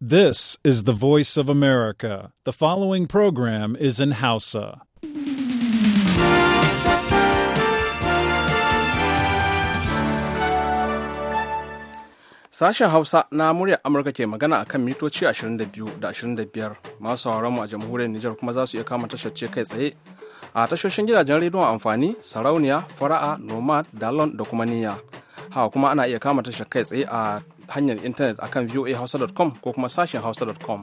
This is the voice of America. The following program is in Hausa. Sashen Hausa na muryar Amurka ke magana akan mitoci 22 da 25 masu sauraron mu a jamhuriyar Nijar kuma za su iya kama tashar kai tsaye a tashoshin gidajen rediyon amfani sarauniya fara'a nomad dalon da kuma niyya hawa kuma ana iya kama tashar kai tsaye a hanyar intanet akan voahausa.com ko kuma sashen hausa.com.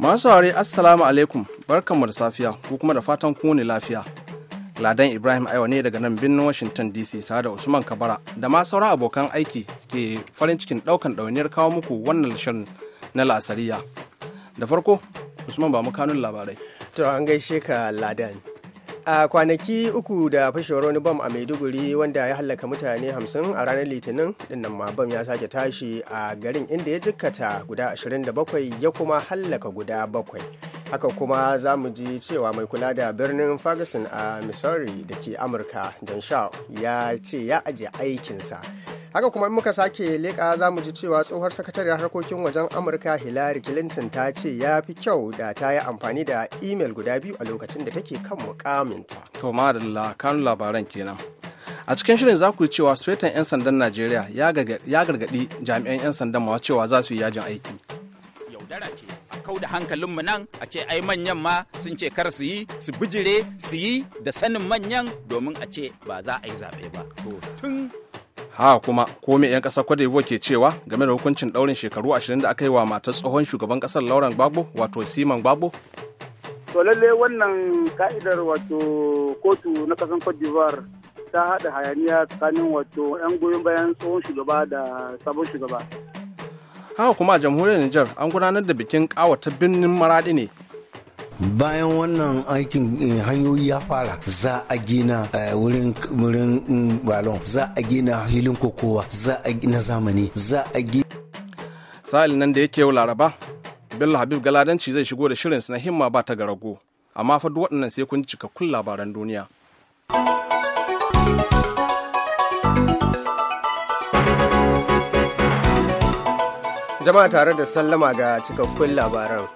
Masu saurare Assalamu alaikum barkanmu da safiya ko kuma da fatan kowane lafiya. Ladan Ibrahim Aiwa ne daga nan birnin Washington DC tare da Usman Kabara da ma sauran abokan aiki ke farin cikin ɗaukan ɗauniyar kawo muku wannan shirin na lasariya Da farko, Usman ba mu kanun labarai. To an gaishe ka Ladan. a kwanaki uku da fashewar wani bam a maiduguri wanda ya hallaka mutane 50 a ranar litinin dinnan ma bam ya sake tashi a garin inda ya jikkata guda 27 ya kuma hallaka guda bakwai. haka kuma za mu ji cewa mai kula da birnin ferguson a missouri da ke amurka don shaw ya ce ya aje aikinsa haka kuma in muka sake leƙa za mu ji cewa tsohuwar sakatariyar harkokin wajen amurka hillary clinton ta ce ya fi kyau da ta yi amfani da imel guda biyu a lokacin da take kan mukaminta to madalla kan labaran kenan a cikin shirin za ku cewa sweden 'yan sandan najeriya ya gargadi jami'an 'yan sandan ma cewa za su yi yajin aiki yaudara ce a kau da hankalinmu nan a ce ai manyan ma sun ce kar su yi su bijire su yi da sanin manyan domin a ce ba za a yi zaɓe ba tun ha kuma ko me yan kasa kwade ke cewa game da hukuncin daurin shekaru 20 da aka yi wa matar tsohon shugaban kasar Lauren Gbagbo wato Siman Gbagbo to lalle wannan ka'idar wato kotu na kasan Cote d'Ivoire ta hada hayaniya tsakanin wato 'yan goyon bayan tsohon shugaba da sabon shugaba haka kuma a jamhuriyar Nijar an gudanar da bikin kawata birnin maraɗi ne bayan wannan aikin eh, hanyoyi ya fara za a gina eh, wurin wurin mm, balon za a gina hilin kokowa za a gina zamani za a gina sa'ilin nan da yake yau laraba bello habib galadanci zai shigo da shirin na himma ba ta garago amma fa duk waɗannan sai kun cikakkun labaran duniya jama'a tare da sallama ga cikakkun labaran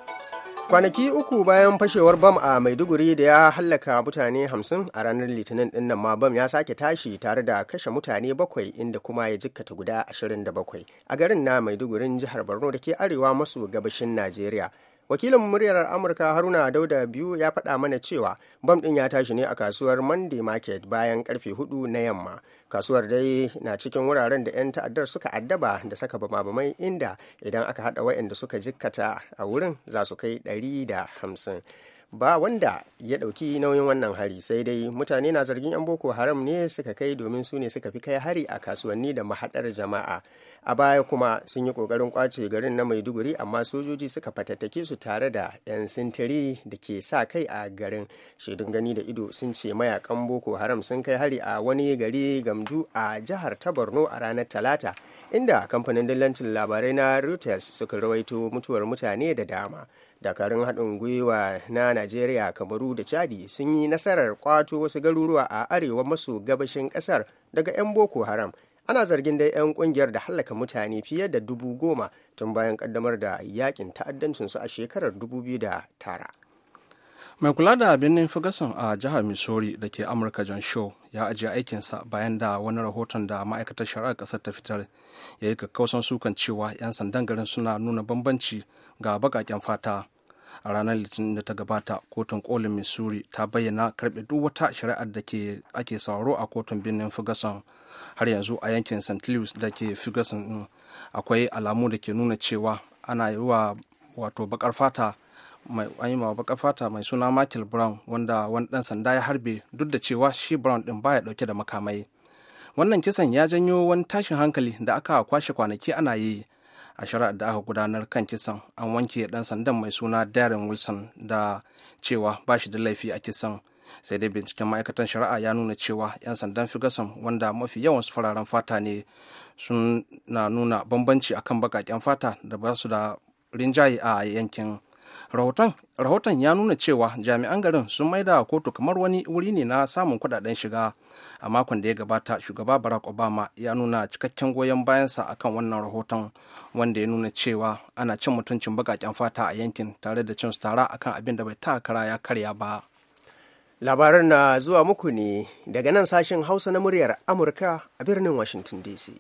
kwanaki uku bayan fashewar bam a maiduguri da ya hallaka mutane hamsin a ranar litinin din ma bam ya sake tashi tare da kashe mutane bakwai inda kuma ya jikkata guda 27 a garin na maidugurin jihar borno da ke arewa maso gabashin najeriya wakilin muryar amurka haruna dauda biyu ya faɗa mana cewa bam ɗin ya tashi ne a kasuwar monday market bayan karfe hudu na yamma kasuwar dai na cikin wuraren da 'yan ta'addar suka addaba da saka bamabamai inda idan aka haɗa wayanda suka jikkata a wurin za su kai 150 ba wanda ya ɗauki nauyin wannan hari sai dai mutane na zargin 'yan boko haram ne suka kai domin su ne suka fi kai hari a kasuwanni da mahaɗar jama'a a baya kuma sun yi kokarin kwace garin na maiduguri amma sojoji suka fatattake su tare da 'yan sintiri da ke sa kai a garin shaidun gani da ido sun ce mayakan boko haram sun kai hari a wani gari gamdu a jihar ta borno a ranar talata inda kamfanin dillancin labarai na reuters suka rawaito mutuwar mutane da dama dakarun haɗin gwiwa na najeriya kamaru da chadi sun yi nasarar kwato wasu garuruwa a arewa maso gabashin ƙasar daga 'yan boko haram ana zargin dai 'yan kungiyar da hallaka mutane fiye da dubu goma tun bayan kaddamar da yakin su a shekarar 2009 mai kula da birnin ferguson a jihar missouri da ke amurka john shaw ya ajiye aikinsa bayan da wani rahoton da ma'aikatar shari'ar kasar ta fitar ya yi kakkausan sukan cewa 'yan sandan garin suna nuna bambanci ga bakaken fata a ranar litinin da ta gabata kotun kolin missouri ta bayyana karɓe duk wata shari'ar da ake sauraro a kotun birnin ferguson har yanzu a yankin st louis da ke ferguson akwai alamu da ke nuna cewa ana yi wa wato bakar fata mai bakar fata mai suna michael brown wanda wani dan sanda ya harbe duk da cewa shi brown din baya dauke da makamai wannan kisan ya janyo wani tashin hankali da aka kwashe kwanaki ana yi a shari'ar da aka gudanar kan kisan an wanke dan sandan mai suna darren wilson da cewa ba shi da laifi a kisan sai dai binciken ma'aikatan shari'a ya nuna cewa 'yan sandan figasan wanda mafi yawan su fararen fata ne suna nuna bambanci akan bakaken fata da ba su da rinjaye a yankin rahoton ya nuna cewa jami'an garin sun maida kotu kamar wani wuri ne na samun kudaden shiga a makon da ya gabata shugaba barack obama ya nuna cikakken goyon bayansa akan wannan rahoton wanda ya nuna cewa ana cin mutuncin bakaken fata a yankin tare da cin su tara akan abin da bai ta kara ya karya ba labaran na zuwa muku ne daga nan sashen hausa na muryar amurka a birnin washington dc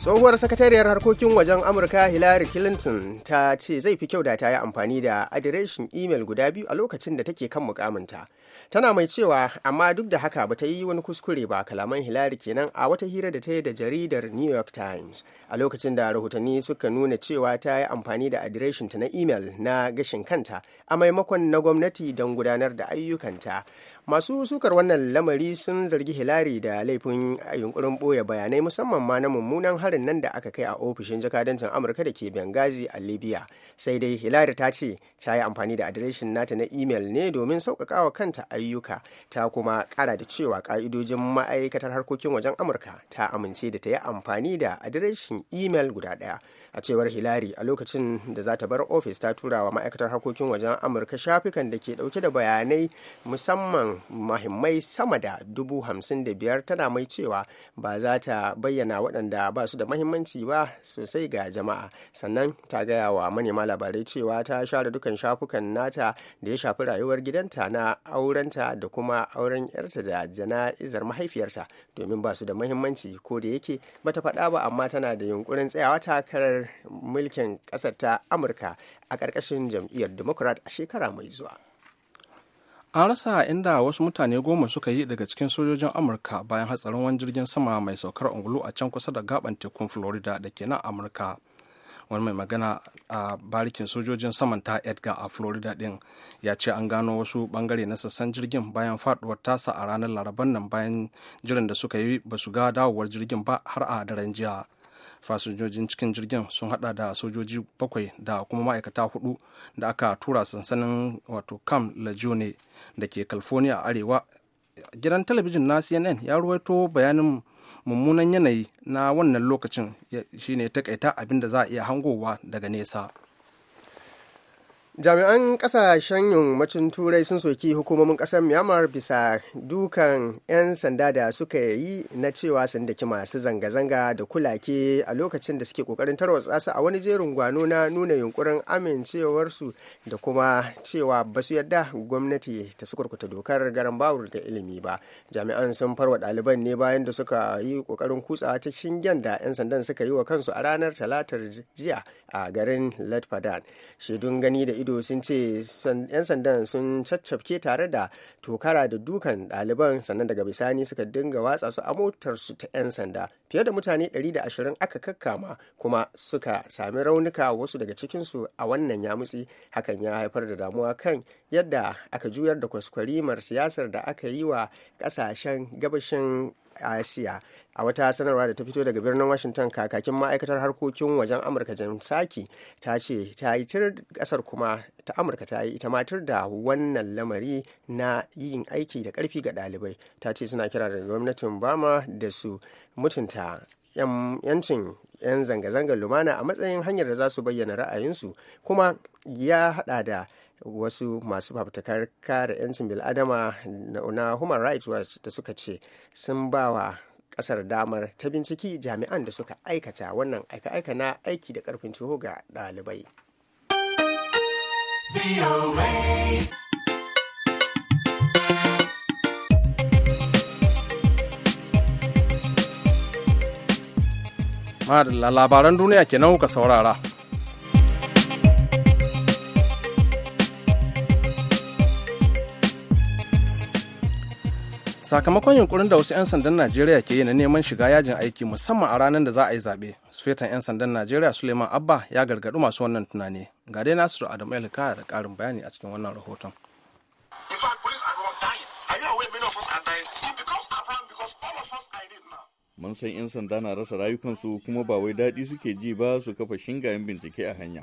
tsohuwar sakatariyar harkokin wajen amurka hillary clinton ta ce zai fi kyau da ta yi amfani da adireshin imel guda biyu a lokacin da take kan mukaminta tana mai cewa amma duk da haka bata yi wani kuskure ba kalaman hilari kenan a wata hira da ta yi da jaridar new york times a lokacin da rahotanni suka nuna cewa ta yi amfani da adireshinta na imel na gashin kanta a maimakon na gwamnati don gudanar da ayyukanta masu sukar wannan lamari sun zargi hilari da laifin yunkurin ɓoye bayanai musamman ma na mummunan harin nan da aka kai a ofishin jakadancin amurka da ke bengazi a libya sai dai hilari ta ce ta yi amfani da adireshin nata na imel ne domin sauƙaƙawa kanta ayyuka ta kuma ƙara da cewa ƙa'idojin ma'aikatar harkokin wajen amurka ta amince da ta yi amfani da adireshin imel guda ɗaya a cewar hilari a lokacin da za ta bar ofis ta tura wa ma'aikatar harkokin wajen amurka shafikan da ke dauke da bayanai musamman mahimmai sama da dubu hamsin da biyar tana mai cewa ba za ta bayyana waɗanda ba su da mahimmanci ba sosai ga jama'a sannan ta gaya wa manema labarai cewa ta share dukan shafukan nata da ya shafi rayuwar gidanta na aurenta da kuma auren yarta da jana'izar mahaifiyarta domin ba su da mahimmanci ko da yake bata faɗa ba amma tana da yunkurin tsayawa takarar mulkin ƙasar ta amurka a ƙarƙashin jam'iyyar democrat a shekara mai zuwa an rasa inda wasu mutane goma suka yi daga cikin sojojin amurka bayan hatsarin wani jirgin sama mai saukar ungulu a can kusa da gaban tekun florida da ke nan amurka wani mai magana a barikin sojojin saman ta edgar a florida din ya ce an gano wasu bangare na sassan jirgin bayan faduwar tasa a ranar laraban nan bayan jiran da suka yi ba su ga dawowar jirgin ba har a daren jiya fasinjojin cikin jirgin sun hada da sojoji bakwai da kuma ma'aikata hudu da aka tura sansanin wato cam lajone da ke california arewa gidan talabijin na cnn ya ruwaito bayanin mummunan yanayi na wannan lokacin shine takaita abin da za a iya hangowa daga nesa. jami'an kasashen yammacin turai sun soki hukumomin kasar myanmar bisa dukan 'yan sanda da suka yi na cewa sun daki masu zanga-zanga da kulake a lokacin da suke kokarin tarwatsa su a wani jerin gwano na nuna yunkurin amincewarsu da kuma cewa ba su yadda gwamnati ta sukurkuta dokar garan bawur da ilimi ba jami'an sun farwa ɗaliban ne bayan da suka yi kokarin kutsawa ta shingen da 'yan sandan suka yi wa kansu a ranar talatar jiya a garin latfadan shaidun gani da ido sun ce 'yan sandan sun caccafke tare da tokara da dukan ɗaliban sannan daga bisani suka dinga watsa su a motarsu ta 'yan sanda fiye da mutane 120 aka kakkama kuma suka sami raunuka wasu daga cikinsu a wannan yamutsi hakan ya haifar da damuwa kan yadda aka juyar da kwaskwarimar siyasar da aka yi wa ƙasashen gabashin asiya a wata sanarwa da ta fito daga birnin washington kakakin ma'aikatar harkokin wajen amurka jan saki ta ce ta yi tir kasar kuma ta amurka ta yi ita matar da wannan lamari na yin aiki da karfi ga ɗalibai ta ce suna kira da gwamnatin bama da su mutunta 'yancin 'yan zanga-zangar lumana a matsayin hanyar da za su bayyana ra'ayinsu kuma ya hada da wasu masu fafutukar kare 'yancin bil'adama na human rights watch da suka ce sun ba wa kasar damar ta binciki jami'an da suka aikata wannan aika-aika na aiki da karfin tuho ga ɗalibai. Madalla labaran duniya kenan kuka saurara. sakamakon yunkurin da wasu 'yan sandan najeriya ke yi na neman shiga yajin aiki musamman a ranar da za a yi zaɓe fetan 'yan sandan najeriya suleiman abba ya gargaɗi masu wannan tunani ga dai nasiru adamu elika da ƙarin bayani a cikin wannan rahoton mun san 'yan sanda na rasa rayukansu kuma ba wai daɗi suke ji ba su kafa shingayen bincike a hanya.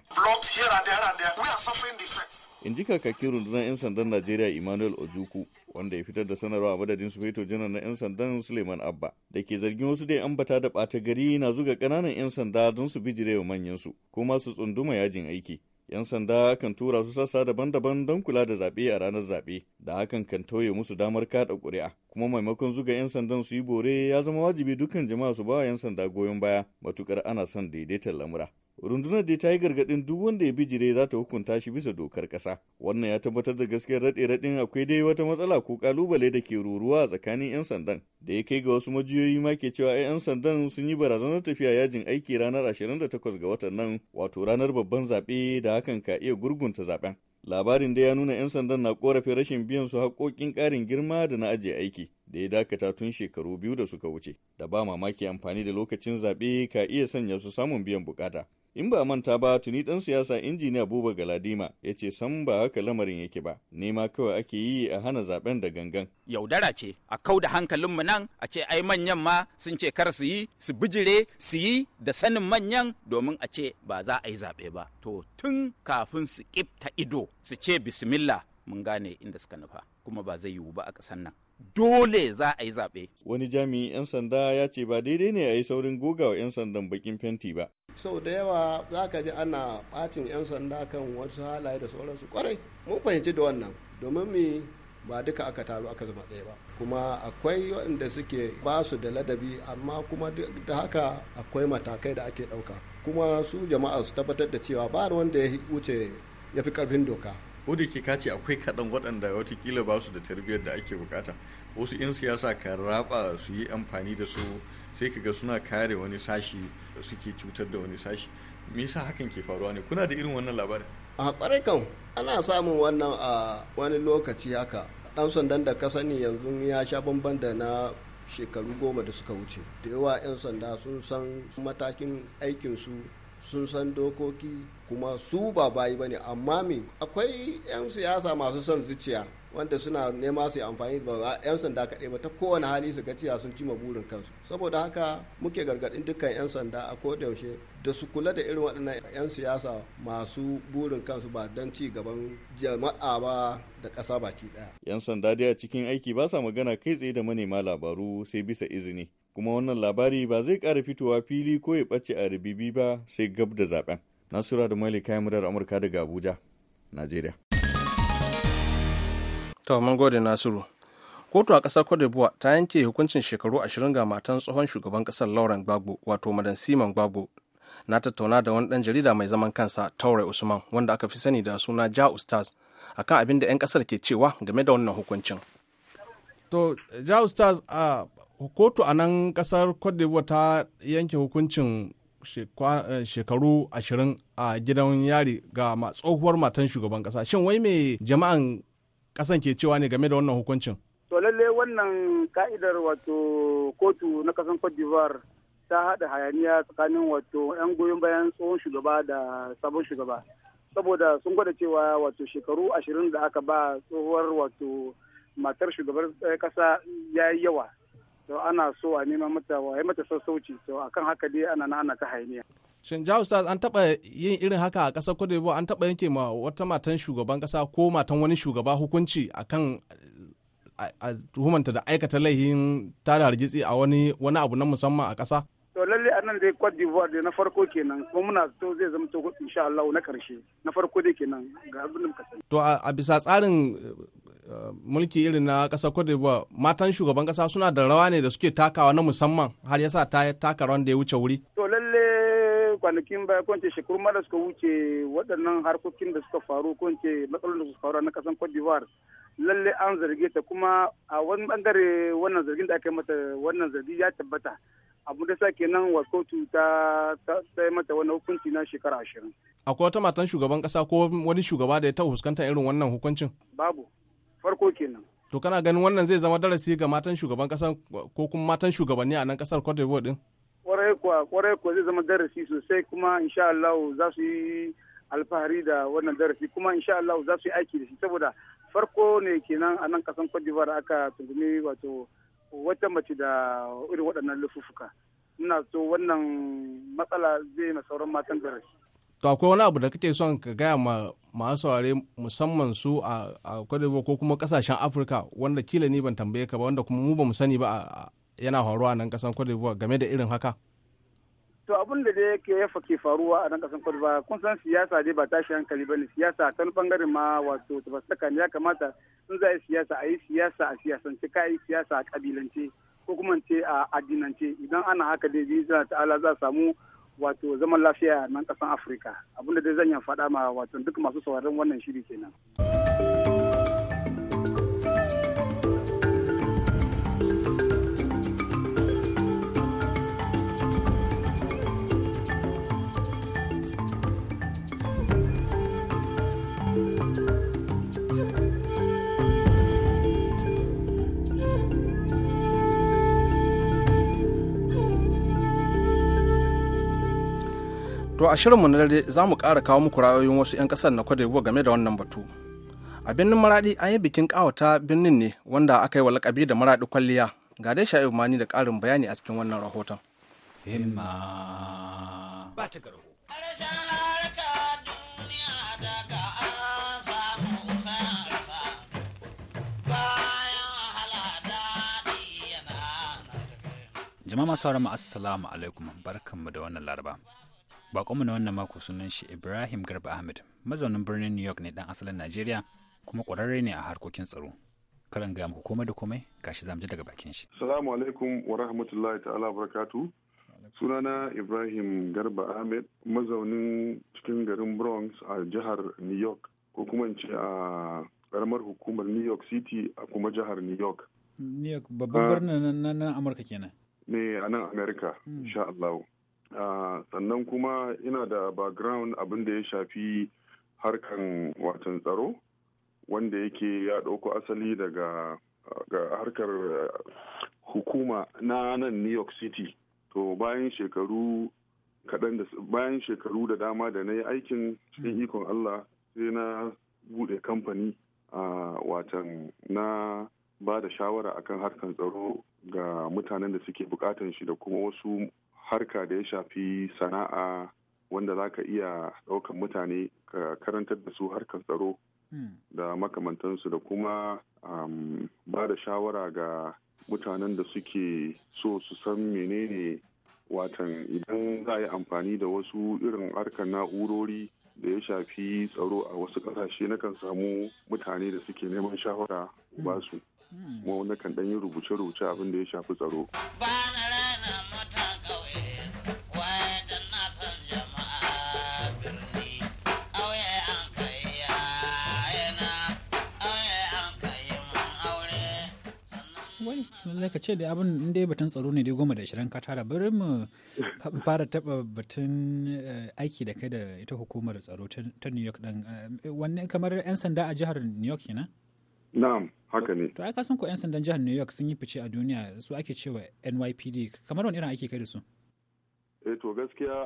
in ji kakakin rundunar 'yan sandan najeriya emmanuel ojuku wanda ya fitar da sanarwa a madadin sufeto janar na 'yan sandan suleiman abba da ke zargin wasu da ambata da ɓata gari na zuga kananan 'yan sanda don su bijire wa manyansu kuma su tsunduma yajin aiki 'yan sanda kan tura su sassa daban-daban don kula da zaɓe a ranar zaɓe da hakan kan tauye musu damar kada ƙuri'a kuma maimakon zuga 'yan sandan su yi bore ya zama wajibi dukkan jama'a su ba 'yan sanda goyon baya matukar ana son daidaitar lamura rundunar dai ta yi gargadin duk wanda ya bijire za ta hukunta shi bisa dokar kasa wannan ya tabbatar da gaskiyar raɗe raɗin akwai dai wata matsala ko kalubale da ke ruruwa a tsakanin 'yan sandan da ya kai ga wasu majiyoyi ma ke cewa 'yan sandan sun yi barazanar tafiya yajin aiki ranar 28 ga watan nan wato ranar babban zaɓe da hakan ka iya gurgunta zaɓen labarin da ya nuna 'yan sandan na korafin rashin biyan su haƙoƙin ƙarin girma da na ajiye aiki da ya dakata tun shekaru biyu da suka wuce da ba mamaki amfani da lokacin zaɓe ka iya sanya su samun biyan bukata In ba manta ba tuni ɗan siyasa injiniya Buba Galadima ya ce san ba haka lamarin yake ba, nema kawai ake yi a hana zaben da gangan. Yaudara ce, a kau da hankalinmu nan a ce ai manyan ma sun ce kar su yi, su bijire, su yi da sanin manyan domin a ce ba za a yi zaɓe ba. To tun kafin su ƙifta ido su ce bismillah mun gane inda suka nufa kuma ba zai yiwu ba a ƙasar nan. dole za a yi zaɓe. Wani jami'in 'yan sanda ya ce ba daidai ne a yi saurin goga wa 'yan sandan bakin fenti ba. Sau da yawa za ka ji ana ɓacin 'yan sanda kan wasu halaye da sauransu kwarai. Mun fahimci da wannan domin mi ba duka aka taru aka zama ɗaya ba. Kuma akwai waɗanda suke ba su da ladabi amma kuma da haka akwai matakai da ake ɗauka. Kuma su jama'a su tabbatar da cewa ba wanda ya wuce ya fi ƙarfin doka. ko da ke kace akwai kaɗan waɗanda watakila ba su da tarbiyyar da ake bukata wasu in siyasa ka raba su yi amfani da su sai ka ga suna kare wani sashi suke cutar da wani sashi me yasa hakan ke faruwa ne kuna da irin wannan labarin a kan ana samun wannan a wani lokaci haka ɗan sandan da ka sani yanzu ya sha bamban da na shekaru goma da suka wuce da yawa 'yan sanda sun san matakin aikinsu sun san dokoki kuma su ba bayi ba ne amma me akwai 'yan siyasa masu son zuciya wanda suna nema su amfani da 'yan sanda kaɗai ba ta kowane hali su ga cewa sun ci burin kansu saboda haka muke gargaɗin dukkan 'yan sanda a ko yaushe da su kula da irin waɗannan 'yan siyasa masu burin kansu ba don ci gaban jama'a ba da ƙasa baki ɗaya. 'yan sanda dai a cikin aiki ba sa magana kai tsaye da manema labaru sai bisa izini kuma wannan labari ba zai kara fitowa fili ko ya bace a ribibi ba sai gab da zaben. Nasura da Mali kayan murar Amurka daga Abuja, Najeriya. To, mun gode Nasiru. Kotu a ƙasar Cote d'Ivoire ta yanke hukuncin shekaru ashirin ga matan tsohon shugaban ƙasar Lauren Gbagbo, wato Madan Simon Gbagbo. Na tattauna da wani dan jarida mai zaman kansa, Taure Usman, wanda aka fi sani da suna Ja Ustaz, akan abin da 'yan ƙasar ke cewa game da wannan hukuncin. To, Ja Ustaz, kotu a nan kasar d'Ivoire ta yanke hukuncin eh, shekaru ashirin a gidan yari ga tsohuwar matan shugaban kasa shin wai mai jama'an kasan ke cewa ne game da wannan hukuncin to lalle wannan ka'idar wato kotu na kasan cote d'ivoire ta haɗa hayaniya tsakanin wato 'yan goyon bayan tsohon shugaba da sabon shugaba saboda sun gwada cewa wato shekaru ashirin da aka ba tsohuwar wato matar shugabar kasa eh, ya yi yawa to ana so a nema mata wa yi mata sassauci to akan haka dai ana na ana ta hainiya. Shin ja Ustaz an taba yin irin haka a kasar kudu ba an taba yanke ma wata matan shugaban ƙasa ko matan wani shugaba hukunci akan a tuhumanta da aikata laifin tada hargitsi a wani wani abu na musamman a ƙasa? To lalle a nan dai Cote d'Ivoire da na farko kenan kuma muna so zai zama to insha Allah na ƙarshe na farko dai kenan ga abin da muka sani. To a bisa tsarin mulki irin na ƙasar Cote d'Ivoire matan shugaban ƙasa suna da rawa ne da suke takawa na musamman har yasa ta taka rawan da ya wuce wuri. To lalle kwanakin baya ko shekaru ma da suka wuce waɗannan harkokin da suka faru ko matsalolin da suka faru na ƙasar Cote d'Ivoire lalle an zarge ta kuma a wani bangare wannan zargin da aka yi mata wannan zargi ya tabbata. abu da sake nan wa kotu ta sai mata wani hukunci na shekara ashirin. Akwai wata matan shugaban kasa ko wani shugaba da ya taɓa fuskantar irin wannan hukuncin? Babu. farko kenan to kana ganin wannan zai zama darasi ga matan shugaban kasa ko kuma matan shugabanni a nan kasar Cote d'Ivoire din kwarai kuwa kwarai kuwa zai zama darasi sosai kuma insha Allah za su yi alfahari da wannan darasi kuma insha Allah za su yi aiki da shi saboda farko ne kenan a nan kasan Cote d'Ivoire aka tungumi wato wata mace da irin waɗannan lufufuka ina so wannan matsala zai na sauran matan darasi to akwai wani abu da kake son ka gaya ma masu saurare musamman su a Cote ko kuma kasashen Afirka wanda kila ni ban tambaye ka ba wanda kuma mu ba mu sani ba yana faruwa a nan kasan Cote game da irin haka. to abin da dai yake ya fake faruwa a nan kasan Cote kun san siyasa dai ba tashi hankali ba ne siyasa ta bangaren ma wato tafasaka ne ya kamata in za a yi siyasa a yi siyasa a siyasance ka yi siyasa a kabilance ko kuma ce a addinance idan ana haka dai bi za ta'ala za samu wato zaman lafiya nan kasan afirka abinda dai zan yi faɗa ma wato duk masu sauraron wannan shiri kenan. To a shirinmu na dare za mu ƙara kawo muku ra'ayoyin wasu 'yan ƙasar na Cote game da wannan batu. A birnin Maraɗi an yi bikin ƙawata birnin ne wanda aka yi wa lakabi da Maraɗi kwalliya. Ga dai Sha'ibu Mani da ƙarin bayani a cikin wannan rahoton. Himma ba ta garo. Jama'a masu haramu assalamu alaikum barkanmu da wannan laraba. Bakonmu na wannan mako sunan shi Ibrahim Garba Ahmed, mazaunin birnin New York ne dan asalin Najeriya kuma ƙwararre ne a harkokin tsaro. Karan ga muku komai da komai gashi zamu ji daga bakin shi. Assalamu alaikum wa rahmatullahi ta'ala barakatu. Sunana Ibrahim Garba Ahmed, mazaunin cikin garin Bronx a jihar New York ko kuma in ce a karamar hukumar New York City a kuma jihar New York. New York babban ah. birnin na Amurka kenan. Ne a nan Amerika, hmm. insha Allah. sannan kuma ina da background abin da ya shafi harkan watan tsaro wanda yake ya ɗauko asali daga ga harkar hukuma na nan new york city to bayan shekaru kaɗan da bayan shekaru da dama da na yi aikin cikin hmm. ikon allah sai na bude kamfani a watan na ba da shawara akan harkar tsaro ga mutanen da suke bukatan shi da kuma wasu harka da ya shafi sana'a wanda za ka iya ɗaukan mutane ka karantar da su harkar tsaro hmm. da makamantansu da kuma um, ba da shawara ga mutanen da suke so su san menene watan idan za a yi amfani da wasu irin harkar na'urori da ya shafi tsaro a wasu ƙasashe na kan samu mutane da suke neman shawara ba su hmm. Hmm. kuma na kan ɗan yi rubuce-rubuce abin da ya shafi tsaro. bane zai ka ce da abin in ya batun tsaro ne dai goma da ashirin ka tara bari mu fara taba batun eh, aiki da kai da ita hukumar tsaro ta New York din eh, wanne kamar yan sanda a jihar New York kenan na'am haka ne to ai ka san ko yan sandan jihar New York sun yi fice a duniya su ake cewa NYPD kamar wani irin aiki kai da su eh to gaskiya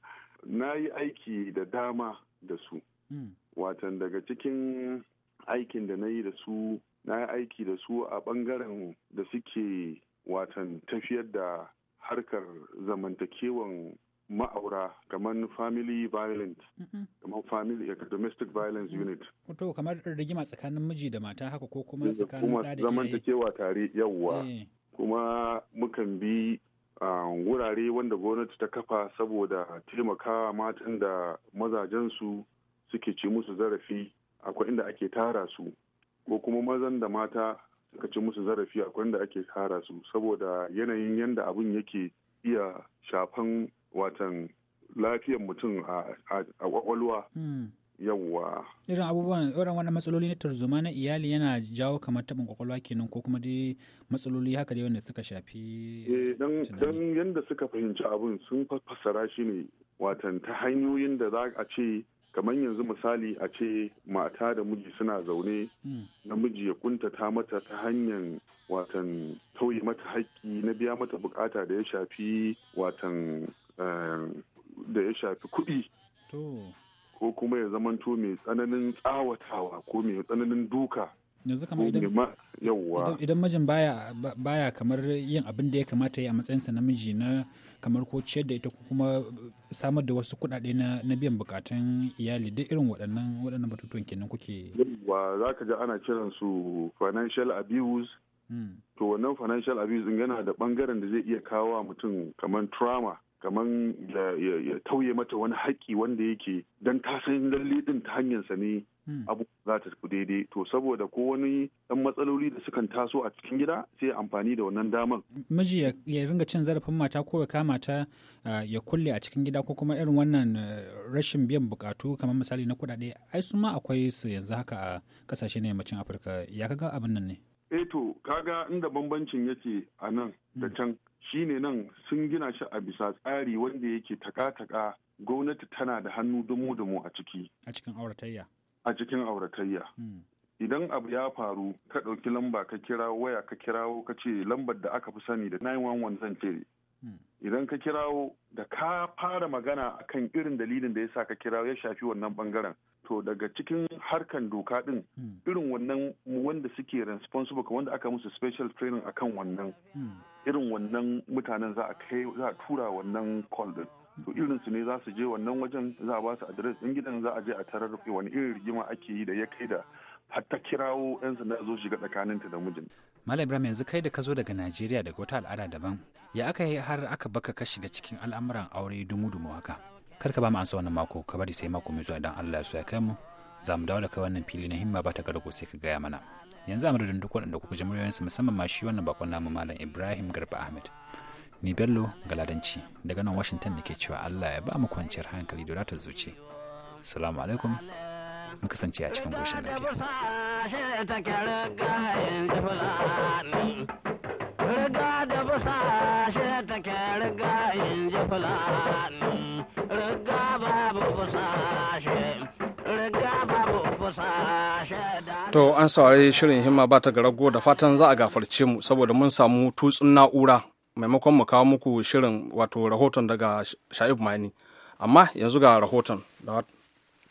na yi aiki da dama da su hmm. watan daga cikin aikin da na yi da su na yi aiki da su a ɓangaren da suke watan tafiyar da harkar zamantakewan ma'aura kamar family violence kamar family eh, domestic violence unit to kamar rigima tsakanin miji da mata haka ko kuma tsakanin da zamantakewa tare yawwa eh. kuma mukan bi wurare wanda gwamnati ta kafa saboda taimakawa matan da mazajensu suke ci musu zarafi akwai inda ake tara su ko kuma mazan da mata suka ci musu zarafi a da ake kara su saboda yanayin yadda abin yake iya shafan watan lafiyar mutum a kwakwalwa hmm. yawwa irin abubuwan irin wannan matsaloli na tarzoma na iyali yana jawo kamar tabin kwakwalwa kenan ko kuma dai matsaloli haka da wanda suka shafi eh, dan yadda suka fahimci abun sun fassara shi ne watan ta hanyoyin da za a ce kamar yanzu misali a ce mata da miji suna zaune hmm. namiji ya kuntata mata ta hanyar watan tauye mata haƙƙi na biya mata bukata da ya shafi watan eh, da ya shafi kuɗi ko kuma ya zamanto mai tsananin tsawatawa ko mai tsananin duka yanzu kamar idan idan mijin baya baya kamar yin abin da ya kamata yi a matsayinsa namiji na kamar ko ciyar da ita ko kuma samar da wasu kuɗaɗe na na biyan bukatun iyali duk irin waɗannan waɗannan batutuwan kenan kuke za zaka ji ana kiran su financial abuse hmm. to wannan financial abuse yana da bangaren da zai iya kawo mutum kamar trauma kamar ya tauye mata wani haƙƙi wanda yake don ta san lalle din ta hanyarsa ne Hmm. abu za ta ku daidai to saboda ko wani dan matsaloli da sukan taso a cikin gida sai amfani da wannan damar miji ya ringa cin zarafin mata ko ya kama ta ya kulle a cikin gida ko kuma irin wannan rashin biyan bukatu kamar misali na kuɗaɗe ai su ma akwai su yanzu haka a kasashe na yammacin afirka ya kaga abin nan ne eh to kaga inda bambancin yake a nan hmm. da can shine nan sun gina shi a bisa tsari wanda yake taka-taka gwamnati tana da hannu dumu-dumu a ciki. A cikin auratayya. a cikin auratayya. Hmm. Idan abu ya faru ka ɗauki lamba ka kira waya ka kirawo ka ce lambar da aka fi sani da 911 zan cire. Hmm. Idan ka kirawo da ka fara magana akan irin dalilin da ya sa ka kirawo ya shafi wannan bangaren. to daga cikin harkan doka din hmm. irin wannan wanda suke responsible wanda aka musu special training akan wannan irin wannan mutanen za a kai za tura wannan call din to irin su ne za su je wannan wajen za a ba su adres din gidan za a je a tarar wani irin rigima ake yi da ya kai da hatta kirawo 'yan sanda zo shiga tsakaninta da mijin. Malam Ibrahim yanzu kai da ka zo daga Najeriya daga wata al'ada daban ya aka yi har aka baka ka shiga cikin al'amuran aure dumu-dumu haka. Kar ka ba mu ansa wannan mako ka bari sai mako mai zuwa dan Allah ya kai mu za mu dawo da kai wannan fili na himma ba ta gado ko sai ka gaya mana. Yanzu a madadin duk waɗanda kuka ji muryoyinsu musamman ma shi wannan bakon namu Malam Ibrahim Garba Ahmed. ni bello galadanci daga nan washington da ke cewa allah ya ba mu kwanciyar hankali da ratar zuci salamu alaikum mu kasance a cikin goshin To an saurari shirin himma ba ta garago da fatan za a gafarce mu saboda mun samu tutsun na'ura maimakon mu kawo muku shirin wato rahoton daga sha'ib mani amma yanzu ga rahoton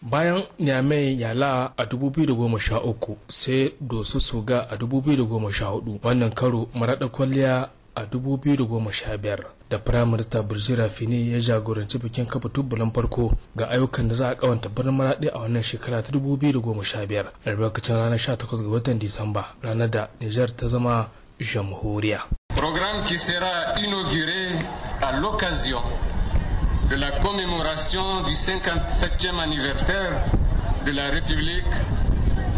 bayan nyamai yala a 2013 sai dosu suga a 2014 wannan karo maraɗa kwalliya a 2015 da Prime Minister Birjira Fini ya jagoranci bikin kafa tubulan farko ga ayyukan da za a kawanta birnin maraɗi a wannan shekara ta 2015 lokacin ranar 18 ga watan Disamba ranar da Nijar ta zama jamhuriya. Program qui sera inauguré à l'occasion de la commémoration du 57e anniversaire de la République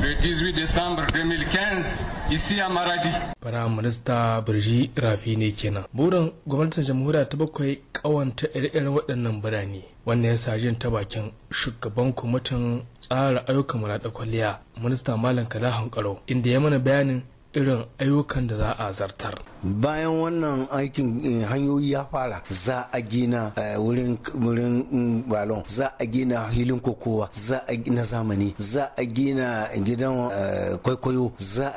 le 18 décembre 2015 ici a Maradi. Para Minista Birji Rafi ne kenan. Burin gwamnatin jamhuriya ta bakwai kawanta ire-iren waɗannan birane. Wannan ya sajin ta bakin shugaban kwamitin tsara ayyukan maraɗa kwalliya Minista Malam Kala Hankaro inda ya mana bayanin irin ayyukan da za a zartar. Bayan wannan aikin eh, hanyoyi ya fara za a gina eh, wurin mm, balon, za a gina hilin kokowa, za a gina zamani, za a gina gidan eh, kwaikwayo, za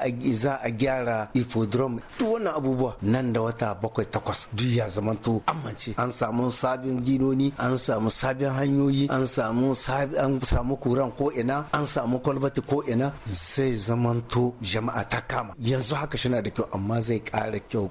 a gyara ipodrom. Duk wannan abubuwa nan da wata bakwai takwas duk ya zamanto amince. An samu sabin ginoni, an samu sabin hanyoyi, an samu an samu kuran ko ina, an samu kwalbati ko ina, sai zamanto jama'a ta kama. yanzu haka shi na da kyau amma zai ƙara kyau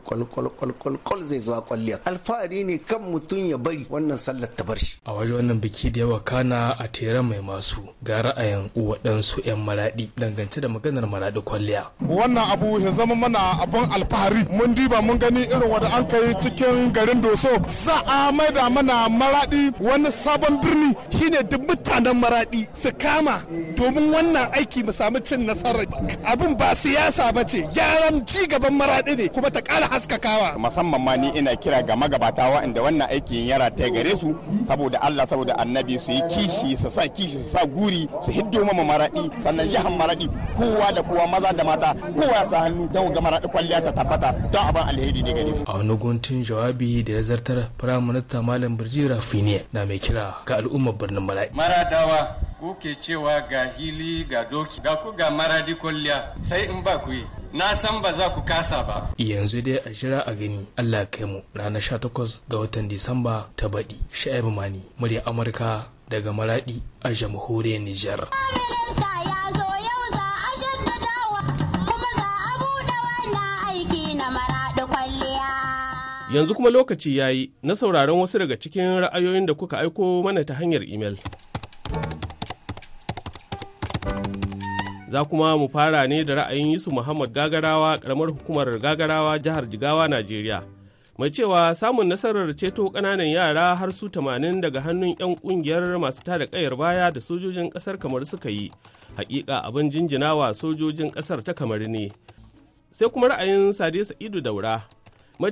kwal zai zuwa kwalliya alfahari ne kan mutum ya bari wannan sallar ta bar shi a waje wannan biki da yawa kana a tera mai masu ga ra'ayin waɗansu 'yan maraɗi dangance da maganar maraɗi kwalliya wannan abu ya zama mana abin alfahari mun diba mun gani irin wanda an kai cikin garin doso za a maida mana maraɗi wani sabon birni shine duk mutanen maraɗi su kama domin wannan aiki mu samu cin nasarar. abin ba siyasa ba ce ce gyaran ci gaban maraɗi ne kuma ta ƙara haskakawa musamman ma ni ina kira ga magabata waɗanda wannan aikin yara ta gare su saboda Allah saboda annabi su yi kishi su sa kishi su sa guri su hiddo mama maraɗi sannan jihar maraɗi kowa da kowa maza da mata kowa ya sa hannu don ga maraɗi kwalliya ta tabbata don abin alheri ne gare a wani guntun jawabi da ya zartar firayim minista malam birji rafiniya na mai kira ga al'ummar birnin maraɗi maradawa kuke cewa ga hili ga doki ga ku ga maradi kwalliya sai in ba ku yi na san ba za ku kasa ba. Yanzu dai a jira a gani Allah kai mu ranar 18 ga watan Disamba ta baɗi. Sha'ibu Mani, murya Amurka daga Maradi a jamhuriyar Nijar. Yanzu kuma lokaci ya yi na sauraron wasu daga cikin ra'ayoyin da kuka aiko mana ta hanyar imel. za kuma mu fara ne da ra'ayin yusuf muhammad gagarawa karamar hukumar gagarawa jihar jigawa najeriya mai cewa samun nasarar ceto kananan yara har su 80 daga hannun 'yan kungiyar masu tada kayar baya da sojojin kasar kamar suka yi hakika abin jinjinawa sojojin kasar ta kamar ne sai kuma ra'ayin sade sa'idu daura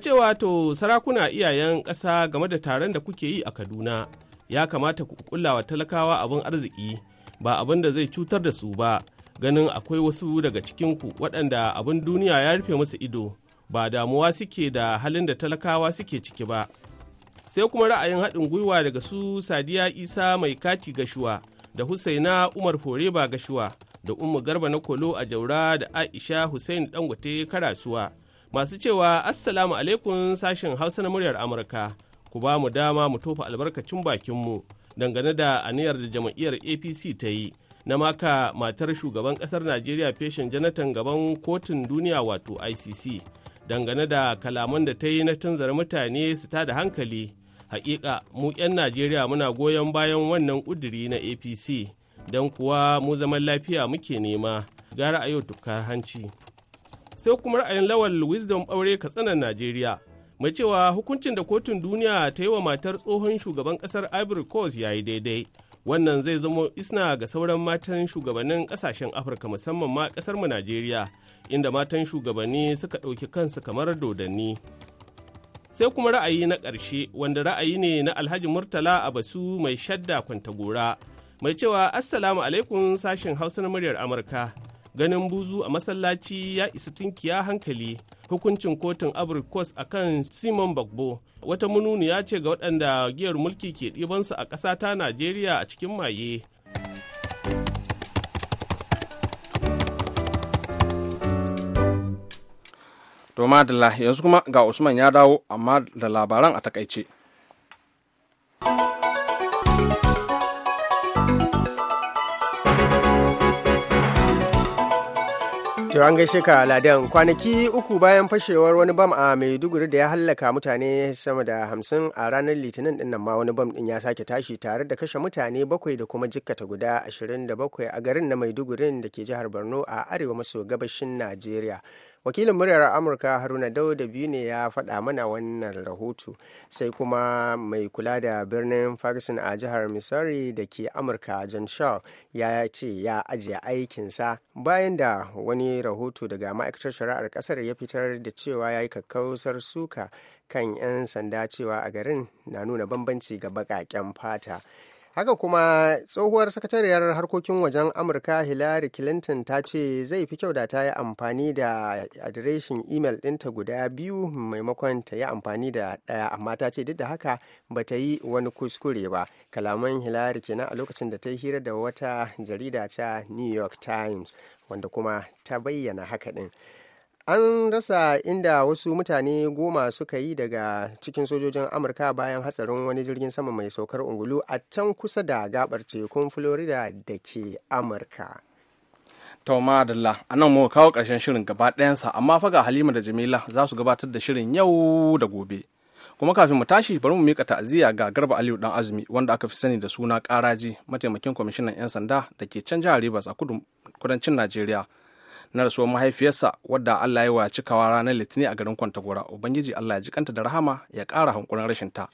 cewa to sarakuna iyayen ƙasa game da taron da kuke yi a kaduna ya kamata ku kulla wa talakawa abin arziki ba abin da zai cutar da su ba ganin akwai wasu daga cikinku waɗanda abin duniya ya rufe musu ido ba damuwa suke da halin da talakawa suke ciki ba sai kuma ra'ayin haɗin gwiwa daga su sadiya isa mai kati gashuwa da husaina umar foreba gashuwa da ummu garba na kolo a jaura da aisha hussein dangote karasuwa masu cewa assalamu alaikum sashen hausa na muryar amurka ku ba mu dama mu tofa albarkacin bakinmu dangane da aniyar da jam'iyyar apc ta yi na maka matar shugaban kasar najeriya feshin janatan gaban kotun duniya wato icc dangane da kalaman da ta yi na tunzar mutane su ta da hankali hakika mu 'yan najeriya muna goyon bayan wannan kuduri na apc don kuwa mu zaman lafiya muke nema Gara a yau tukar hanci sai kuma ra'ayin lawal wisdom aure katsinan najeriya mai cewa hukuncin da kotun duniya ta yi wa matar tsohon shugaban ƙasar ivory coast ya yi daidai wannan zai zama isna ga sauran matan shugabannin kasashen afirka musamman ma kasar mu najeriya inda matan shugabanni suka ɗauki kansu kamar dodanni sai kuma ra'ayi na ƙarshe wanda ra'ayi ne na alhaji murtala a basu mai shadda kwantagora mai cewa assalamu alaikum sashen hausa na muryar amurka ganin buzu a masallaci ya isa tunkiya hankali hukuncin kotun abrikos a kan simon bagbo wata ya ce ga waɗanda giyar mulki ke ɗibansu a ƙasa ta najeriya a cikin maye to yanzu kuma ga usman ya dawo amma da labaran a takaice wato an gaishe ka Ladan kwanaki uku bayan fashewar wani bam a Maiduguri da ya hallaka mutane sama da hamsin a ranar Litinin din nan ma wani bam din ya sake tashi tare da kashe mutane bakwai da kuma jikkata guda ashirin da 27 a garin na Maiduguri da ke jihar Borno a arewa maso gabashin Najeriya. wakilin muryar amurka haruna dau da biyu ne ya faɗa mana wannan rahoto sai kuma mai kula da birnin ferguson a jihar missouri da ke amurka john shaw ya ce ya ajiye aikinsa bayan da wani rahoto daga ma'aikatar shari'ar kasar ya fitar da cewa ya yi kakkausar suka kan 'yan sanda cewa a garin na nuna bambanci ga baƙaƙen fata haka kuma tsohuwar sakatariyar harkokin wajen amurka hillary clinton ta ce zai fi kyau da ta yi amfani da adireshin imel ɗinta guda biyu maimakon ta yi amfani da ɗaya amma ta ce duk da haka ba ta yi wani kuskure ba kalaman hillary kenan a lokacin da ta yi hira da wata jarida ta new york times wanda kuma ta bayyana haka ɗin an rasa inda wasu mutane goma suka yi daga cikin sojojin amurka bayan hatsarin wani jirgin sama mai saukar ungulu a can kusa da gabar tekun florida da ke amurka tauma adalla a nan muka kawo ƙarshen shirin gaba ɗayansa amma faga halima da jamila za su gabatar da shirin yau da gobe kuma kafin mu tashi bari mu mika ta'aziyya ga garba aliyu dan azumi wanda aka fi sani da suna karaji mataimakin kwamishinan 'yan sanda da ke can jihar rivers a kudancin najeriya na rasuwar mahaifiyarsa wadda Allah ya wa cikawa ranar litini a garin Kwantagora ubangiji Allah ya ji kanta da rahama ya kara hankulan rashin ta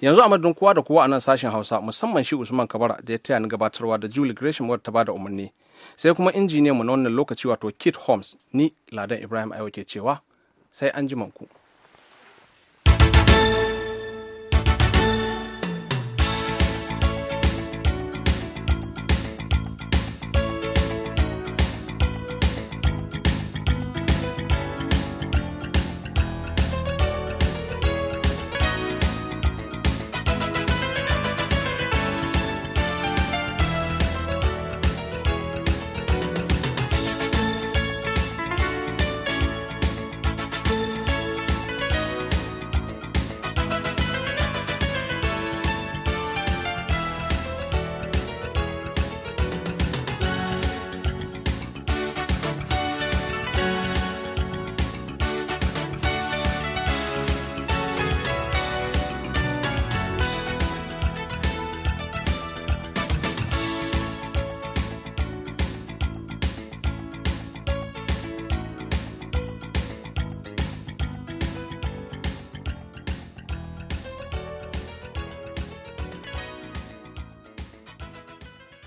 yanzu a madadin kowa da kowa a nan sashen Hausa musamman shi Usman Kabara da ya taya ni gabatarwa da Julie Gresham wadda ta bada umarni sai kuma injiniyan mu na wannan lokaci wato Kit Holmes ni Ladan Ibrahim Ayo ke cewa sai an ku.